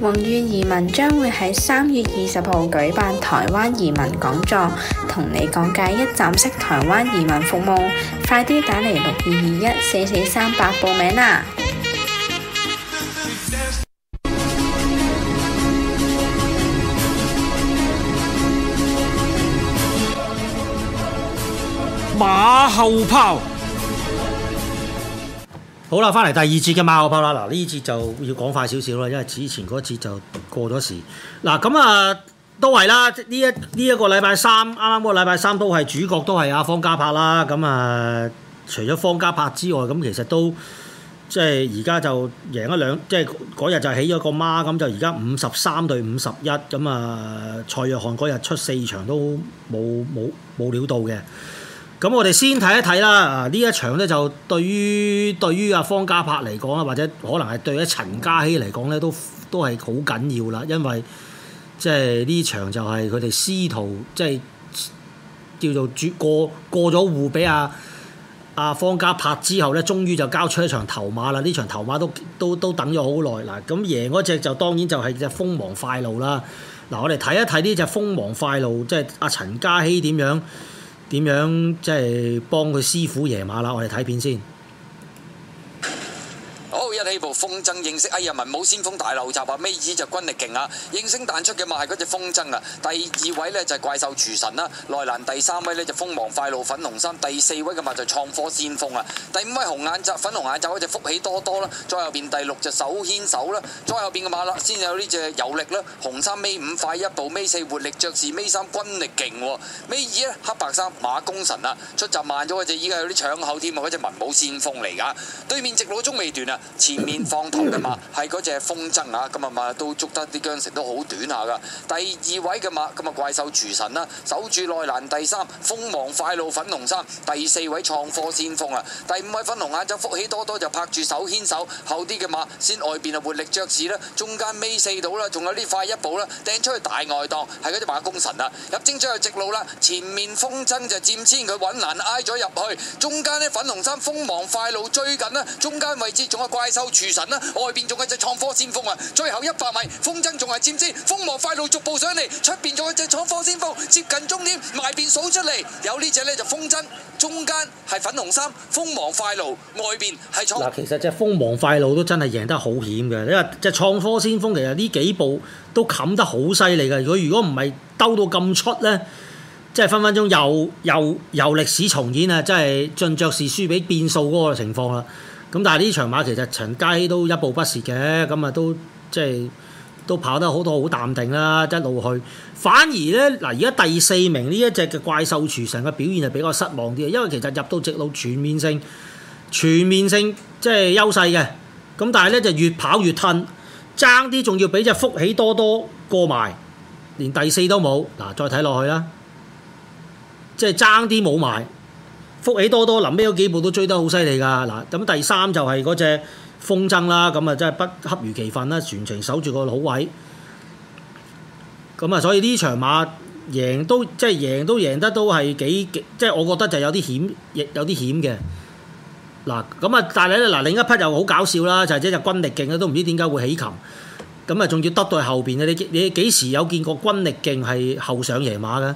宏遠移民將會喺三月二十號舉辦台灣移民講座，同你講解一站式台灣移民服務，快啲打嚟六二二一四四三八報名啦！馬後炮。好啦，翻嚟第二節嘅馬後砲啦。嗱，呢節就要講快少少啦，因為此前嗰節就過咗時。嗱，咁啊都係啦，呢、啊、一呢一個禮拜三，啱啱嗰個禮拜三都係主角，都係阿方嘉柏啦。咁啊，除咗方嘉柏之外，咁其實都即係而家就贏一兩，即係嗰日就起咗個孖，咁就而家五十三對五十一。咁啊，蔡約翰嗰日出四場都冇冇冇料到嘅。咁我哋先睇一睇啦，啊呢一場咧就對於對於啊方家柏嚟講啦，或者可能係對於陳嘉熙嚟講咧，都都係好緊要啦，因為即係呢場就係佢哋師徒，即係叫做絕過過咗戶俾阿阿方家柏之後咧，終於就交出一場頭馬啦。呢場頭馬都都都等咗好耐嗱。咁贏嗰隻就當然就係隻鋒芒快路啦。嗱，我哋睇一睇呢隻鋒芒快路，即係阿陳嘉熙點樣。點樣即係幫佢師傅贏馬啦？我哋睇片先。呢部風箏認識哎呀，文武先鋒大漏閘啊！尾二就軍力勁啊，應聲彈出嘅馬係嗰隻風箏啊。第二位呢就係、是、怪獸廚神啦，內欄第三位呢就是、鋒芒快路粉紅衫，第四位嘅馬就創科先鋒啊。第五位紅眼罩粉紅眼罩嗰隻福喜多多啦，再後邊第六隻手牽手啦，再後邊嘅馬啦先有呢隻有力啦，紅衫尾五快一步，尾四活力爵士，尾三軍力勁，尾二呢黑白衫馬功神啊，出閘慢咗嗰隻依家有啲搶口添啊，嗰隻文武先鋒嚟㗎，對面直路中未斷啊，面放頭嘅馬係嗰隻風箏啊，咁啊嘛都捉得啲韁繩都好短下噶。第二位嘅馬咁啊怪獸廚神啦，守住內欄第三鋒芒快路粉紅衫，第四位創科先鋒啊，第五位粉紅眼就福喜多多就拍住手牽手。後啲嘅馬先外邊啊活力爵士啦，中間尾四度啦，仲有呢快一步啦，掟出去大外檔係嗰隻馬公神啦，啊，入征出去直路啦，前面風箏就佔先，佢揾欄挨咗入去，中間呢，粉紅衫鋒芒快路追緊啦，中間位置仲有怪。救馀神啦！外邊仲係隻創科先鋒啊！最後一百米，風箏仲係佔先，鋒芒快路逐步上嚟。外邊仲係隻創科先鋒，接近終點，外邊數出嚟。有隻呢隻呢就風箏，中間係粉紅衫，鋒芒快路，外邊係創。其實隻鋒芒快路都真係贏得好險嘅，因為隻創科先鋒其實呢幾步都冚得好犀利嘅。佢如果唔係兜到咁出呢，即係分分鐘又又又歷史重演啊！真係盡爵士輸俾變數嗰個情況啦。咁但係呢場馬其實陳佳希都一步不蝕嘅，咁啊都即係都跑得好多好淡定啦一路去。反而咧嗱，而家第四名呢一隻嘅怪獸廚神嘅表現係比較失望啲，因為其實入到直路全面性全面性即係優勢嘅。咁但係咧就越跑越褪，爭啲仲要俾隻福喜多多過埋，連第四都冇。嗱，再睇落去啦，即係爭啲冇埋。福喜多多臨尾嗰幾步都追得好犀利㗎，嗱咁第三就係嗰隻風箏啦，咁啊真係不恰如其分啦，全程守住個好位，咁啊所以呢場馬贏都即係贏都贏得都係幾即係我覺得就有啲險，亦有啲險嘅。嗱咁啊，但係咧嗱另一匹又好搞笑啦，就係即係軍力勁都唔知點解會起擒，咁啊仲要得到後邊嘅你你幾時有見過軍力勁係後上贏馬嘅？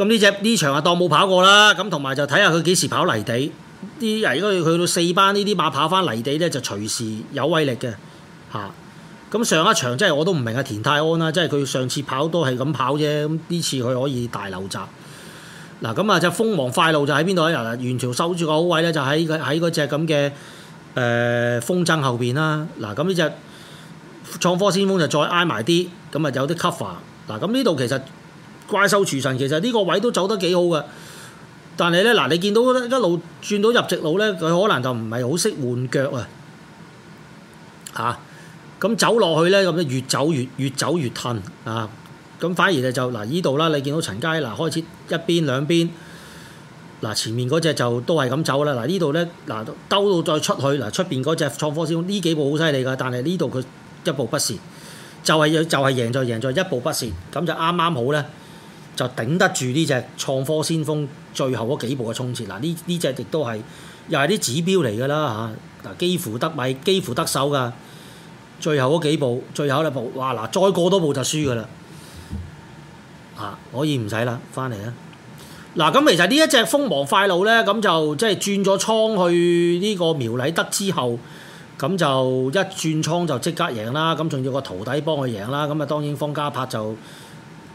咁呢隻呢場啊當冇跑過啦，咁同埋就睇下佢幾時跑泥地，啲人如果去到四班呢啲馬跑翻泥地咧，就隨時有威力嘅嚇。咁上一場即係我都唔明啊田泰安啦，即係佢上次跑都係咁跑啫，咁呢次佢可以大流閘。嗱，咁啊隻風王快路就喺邊度咧？嗱，完全收住個好位咧，就喺喺嗰隻咁嘅誒風箏後邊啦。嗱，咁呢隻創科先鋒就再挨埋啲，咁啊有啲 cover。嗱，咁呢度其實～怪獸廚神其實呢個位都走得幾好噶，但係呢，嗱，你見到一路轉到入直路呢，佢可能就唔係好識換腳啊嚇，咁走落去呢，咁咧越走越越走越褪啊，咁反而就就嗱呢度啦，你見到陳佳嗱開始一邊兩邊嗱、啊、前面嗰隻就都係咁走啦，嗱呢度呢，嗱、啊、兜到再出去嗱出邊嗰隻創科師兄呢幾步好犀利噶，但係呢度佢一步不善，就係、是、就係、是、贏在、就是、贏在、就是就是、一步不善，咁就啱啱好呢。就頂得住呢隻創科先鋒最後嗰幾步嘅衝刺嗱，呢呢隻亦都係又係啲指標嚟㗎啦嚇嗱，幾乎得米幾乎得手㗎，最後嗰幾步最後一步哇嗱，再過多步就輸㗎啦嚇，可以唔使啦，翻嚟啦嗱。咁其實呢一隻鋒芒快路咧，咁就即係轉咗倉去呢個苗禮德之後，咁就一轉倉就即刻贏啦，咁仲要個徒弟幫佢贏啦，咁啊當然方家柏就。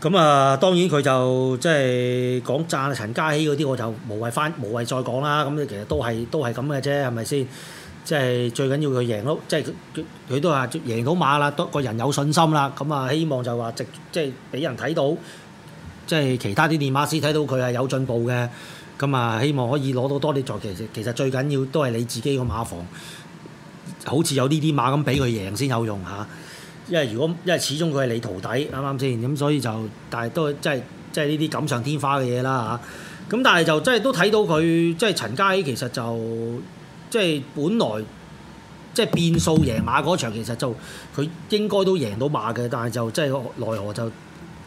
咁啊，當然佢就即係講讚陳家熙嗰啲，我就無謂翻無謂再講啦。咁其實都係都係咁嘅啫，係咪先？即係最緊要佢贏咯，即係佢都話贏到馬啦，多個人有信心啦。咁啊，希望就話即係俾人睇到，即係其他啲練馬師睇到佢係有進步嘅。咁啊，希望可以攞到多啲助。其實其實最緊要都係你自己個馬房，好似有呢啲馬咁，俾佢贏先有用嚇。啊因為如果因為始終佢係你徒弟，啱啱先？咁所以就，但係都即係即係呢啲錦上添花嘅嘢啦嚇。咁但係就即係都睇到佢即係陳家禧其實就即係本來即係變數贏馬嗰場，其實就佢應該都贏到馬嘅，但係就即係奈何就，就，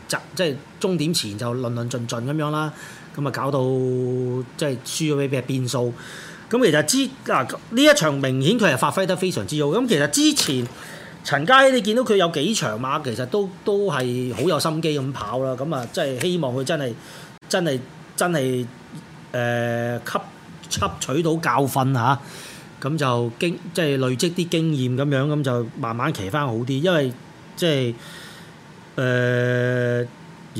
就即係終點前就論論盡盡咁樣啦。咁啊搞到即係輸咗俾咩變數？咁其實之嗱呢一場明顯佢係發揮得非常之好。咁其實之前。陳嘉熙，你見到佢有幾場馬，其實都都係好有心機咁跑啦。咁啊，即係希望佢真係真係真係誒吸吸取到教訓嚇，咁、啊、就經即係累積啲經驗咁樣，咁就慢慢騎翻好啲。因為即係誒，而、呃、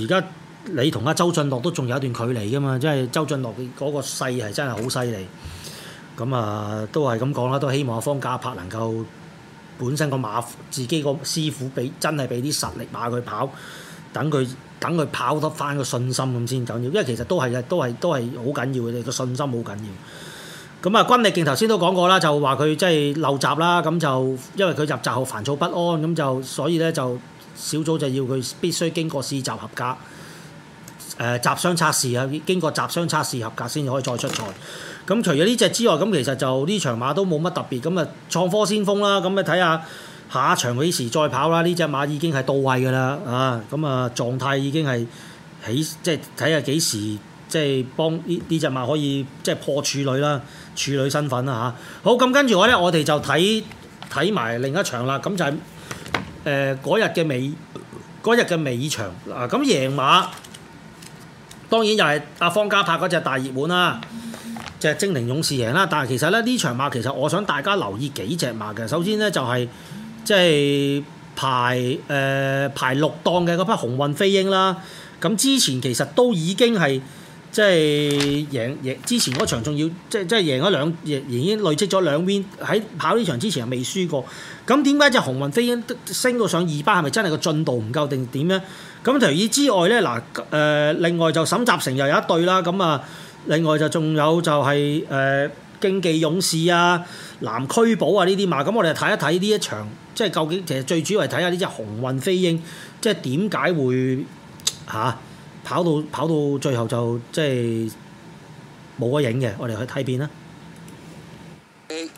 家你同阿周俊樂都仲有一段距離噶嘛，即係周俊樂嗰個勢係真係好犀利。咁啊，都係咁講啦，都希望方嘉柏能夠。本身個馬自己個師傅俾真係俾啲實力馬佢跑，等佢等佢跑得翻個信心咁先緊要，因為其實都係嘅，都係都係好緊要嘅，你個信心好緊要。咁啊，軍力勁頭先都講過啦，就話佢即係漏閘啦，咁就因為佢入閘後煩躁不安，咁就所以咧就小組就要佢必須經過試閘合格，誒、呃、閘箱測試啊，經過閘箱測試合格先可以再出賽。咁除咗呢隻之外，咁其實就呢場馬都冇乜特別。咁啊，創科先鋒啦，咁啊睇下下場幾時再跑啦？呢隻馬已經係到位嘅啦，啊，咁啊狀態已經係起，即係睇下幾時即係、就是、幫呢呢隻馬可以即係、就是、破處女啦，處女身份啦吓，好，咁跟住我咧，我哋就睇睇埋另一場啦。咁就係誒嗰日嘅尾日嘅尾場嗱，咁、啊、贏馬當然又係阿方嘉柏嗰隻大熱門啦。就精靈勇士贏啦，但係其實咧，呢場馬其實我想大家留意幾隻馬嘅。首先咧就係、是、即係排誒、呃、排六檔嘅嗰匹紅運飛鷹啦。咁之前其實都已經係即係贏贏，之前嗰場仲要即係即係贏咗兩，已經累積咗兩邊喺跑呢場之前未輸過。咁點解隻紅運飛鷹升到上二班係咪真係個進度唔夠定點咧？咁除以之外咧嗱誒，另外就沈集成又有一對啦，咁啊。另外就仲有就係、是、誒、呃、競技勇士啊、南區保啊呢啲嘛，咁我哋睇一睇呢一場，即係究竟其實最主要係睇下呢隻紅運飛鷹，即係點解會吓、啊，跑到跑到最後就即係冇咗影嘅，我哋去睇片啦。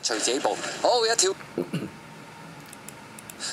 隨自己步，好，好一跳。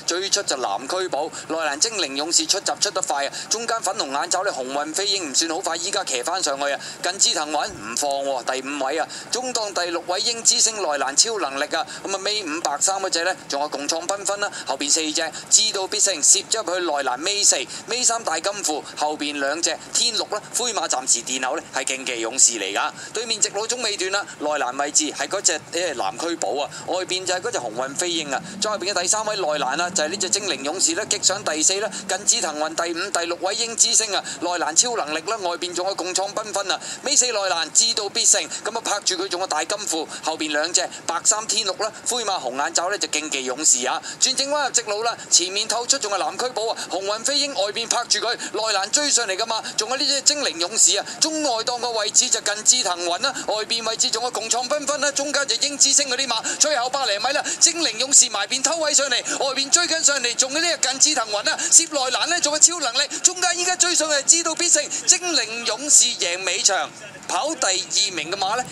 最出就南區寶，內蘭精靈勇士出閘出得快啊！中間粉紅眼罩咧，紅運飛鷹唔算好快，依家騎翻上去啊！近支騰雲唔放喎，第五位啊，中檔第六位鷹之星內蘭超能力啊！咁啊，尾五白衫嗰隻呢，仲有共創繽紛啦，後邊四隻知道必勝，攝咗入去內蘭尾四尾三大金庫，後邊兩隻天六啦，灰馬暫時電偶呢，係競技勇士嚟㗎。對面直路中尾段啊，內蘭位置係嗰隻誒南區寶啊，外邊就係嗰隻紅運飛鷹啊，再後邊嘅第三位內蘭啊。就係呢隻精靈勇士呢擊上第四啦，近至騰雲第五，第六位英之星啊，內欄超能力啦，外邊仲有共創繽紛啊，尾四內欄至到必勝，咁啊拍住佢仲有大金庫，後邊兩隻白衫天祿啦，灰馬紅眼罩呢就競技勇士啊，轉正彎入直路啦，前面透出仲係藍區寶啊，紅雲飛鷹外邊拍住佢，內欄追上嚟噶嘛，仲有呢隻精靈勇士啊，中外檔個位置就近至騰雲啦，外邊位置仲有共創繽紛啦，中間就英之星嗰啲馬，最後百零米啦，精靈勇士埋邊偷位上嚟，外邊追。跟上嚟，仲有近雲呢隻近似騰雲啊！涉內欄呢仲有超能力。中間依家追上去，知道必勝精靈勇士贏，贏尾場跑第二名嘅馬呢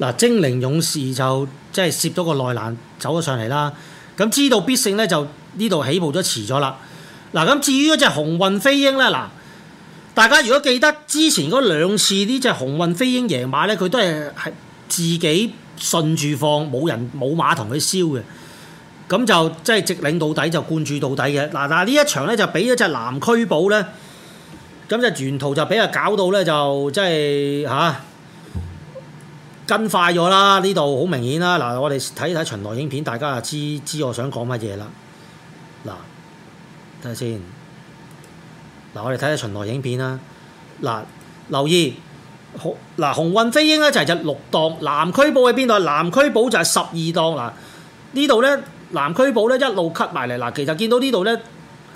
嗱，精靈勇士就即係涉咗個內欄走咗上嚟啦。咁知道必勝呢，就呢度起步咗遲咗啦。嗱，咁至於嗰隻鴻運飛鷹呢？嗱，大家如果記得之前嗰兩次呢隻鴻運飛鷹贏馬呢，佢都係係自己順住放，冇人冇馬同佢燒嘅。咁就即係直領到底，就貫注到底嘅。嗱嗱，呢一場咧就俾咗隻南區寶咧，咁就沿途就俾佢搞到咧，就即係吓、啊，跟快咗啦。呢度好明顯啦。嗱，我哋睇睇巡邏影片，大家就知知我想講乜嘢啦。嗱，睇下先。嗱，我哋睇下巡邏影片啦。嗱，留意嗱紅，紅運飛鷹咧就係隻六檔，南區寶喺邊度啊？南區寶就係十二檔。嗱，呢度咧。南區寶咧一路切埋嚟，嗱，其實見到呢度咧，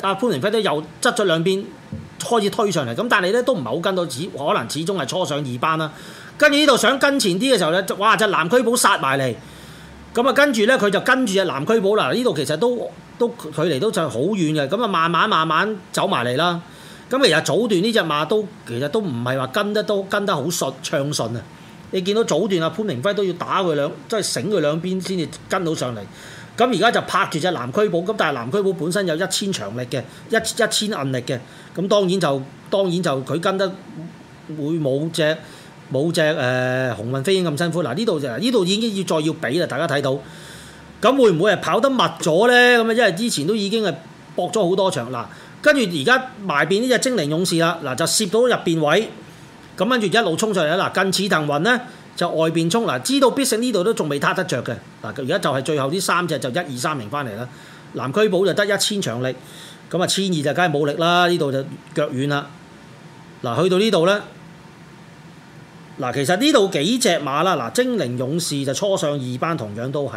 阿潘明輝都又側咗兩邊開始推上嚟，咁但係咧都唔係好跟到，只可能始終係初上二班啦。跟住呢度想跟前啲嘅時候咧，哇！隻南區寶殺埋嚟，咁啊跟住咧佢就跟住隻南區寶啦。呢度其實都都距離都就好遠嘅，咁啊慢慢慢慢走埋嚟啦。咁其實早段呢隻馬都其實都唔係話跟得都跟得好順暢順啊。你見到早段阿潘明輝都要打佢兩，即係醒佢兩邊先至跟到上嚟。咁而家就拍住隻南區寶，咁但係南區寶本身有一千長力嘅，一一千韌力嘅，咁當然就當然就佢跟得會冇隻冇隻誒鴻運飛鷹咁辛苦。嗱呢度就呢度已經要再要比啦，大家睇到。咁會唔會係跑得密咗咧？咁啊，因為之前都已經係搏咗好多場。嗱，跟住而家埋邊呢隻精靈勇士啦，嗱就攝到入邊位，咁跟住一路衝上嚟啦，嗱近似騰雲咧。就外邊衝嗱，知道必勝呢度都仲未撻得着嘅嗱，而家就係最後呢三隻就一二三名翻嚟啦。南區寶就得一千強力，咁啊千二就梗係冇力啦，呢度就腳軟啦。嗱，去到呢度咧，嗱其實呢度幾隻馬啦，嗱精靈勇士就初上二班同樣都係，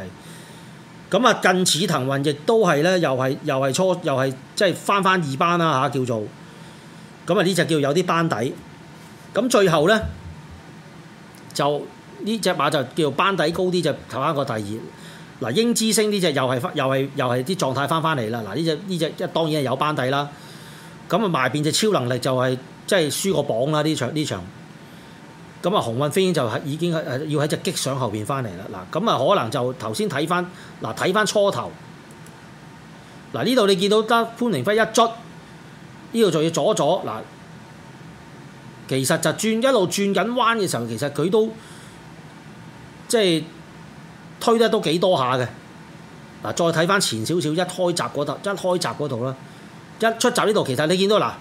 咁啊近似騰雲亦都係咧，又係又係初又係即係翻翻二班啦吓，叫做，咁啊呢隻叫有啲班底，咁最後咧。就呢隻馬就叫班底高啲，就頭翻個第二，嗱英之星呢隻又係翻又係又係啲狀態翻翻嚟啦，嗱呢隻呢隻一當然係有班底啦，咁啊賣邊隻超能力就係、是、即係輸個榜啦呢場呢場，咁啊紅運飛鷹就已經要喺隻擊上後邊翻嚟啦，嗱咁啊可能就頭先睇翻嗱睇翻初頭，嗱呢度你見到得潘明輝一卒，呢度就要阻咗。嗱。其實就轉一路轉緊彎嘅時候，其實佢都即係推得都幾多下嘅。嗱，再睇翻前少少，一開閘嗰度，一開閘嗰度啦，一出閘呢度，其實你見到嗱，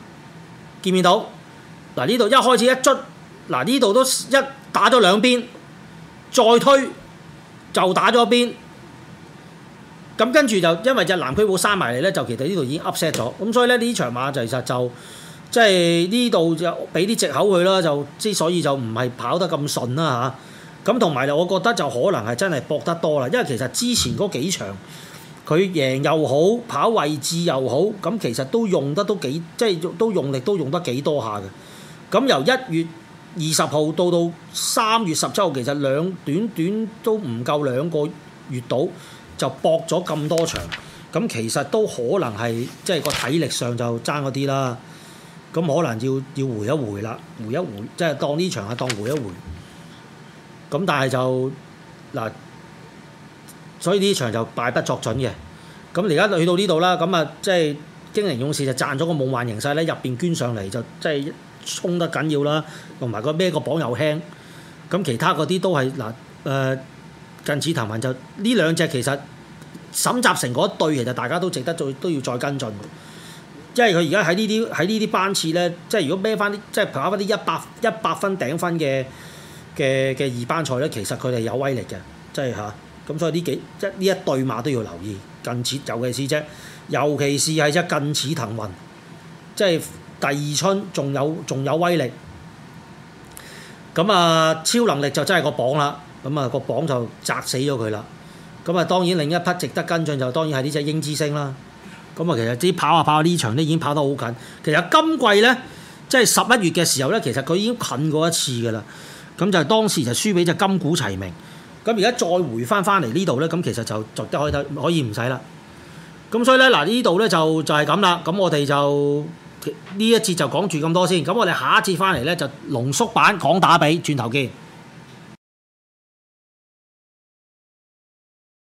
見唔見到？嗱呢度一開始一卒，嗱呢度都一打咗兩邊，再推就打咗一邊。咁跟住就因為隻藍區冇閂埋嚟咧，就其實呢度已經 upset 咗。咁所以咧呢場馬就其實就。就即係呢度就俾啲藉口佢啦，就之所以就唔係跑得咁順啦吓，咁同埋我覺得就可能係真係搏得多啦，因為其實之前嗰幾場佢贏又好，跑位置又好，咁其實都用得都幾即係都用力都用得幾多下嘅。咁由一月二十號到到三月十七號，其實兩短短都唔夠兩個月到就搏咗咁多場，咁其實都可能係即係個體力上就爭嗰啲啦。咁可能要要回一回啦，回一回，即係當呢場啊當回一回。咁但係就嗱，所以呢場就敗不作準嘅。咁而家去到呢度啦，咁啊即係精靈勇士就賺咗個夢幻形勢咧，入邊捐上嚟就即係衝得緊要啦，同埋個孭個榜又輕。咁其他嗰啲都係嗱誒近似談文，就呢兩隻其實審集成嗰一隊，其實大家都值得再都要再跟進。即係佢而家喺呢啲喺呢啲班次咧，即係如果孭翻啲，即係跑翻啲一百一百分頂分嘅嘅嘅二班賽咧，其實佢哋有威力嘅，即係吓。咁、啊、所以呢幾即係呢一對馬都要留意，近似尤其是啫，尤其是係啫近似騰雲，即係第二春仲有仲有威力。咁啊，超能力就真係個榜啦。咁啊，個榜就砸死咗佢啦。咁啊，當然另一匹值得跟進就當然係呢隻鷹之星啦。咁啊，其實啲跑下跑下呢場都已經跑得好緊。其實今季咧，即係十一月嘅時候咧，其實佢已經近過一次噶啦。咁就當時就輸俾隻金股齊名。咁而家再回翻翻嚟呢度咧，咁其實就就得可以睇，可以唔使啦。咁所以咧，嗱呢度咧就就係咁啦。咁我哋就呢一節就講住咁多先。咁我哋下一節翻嚟咧就濃縮版講打比，轉頭見。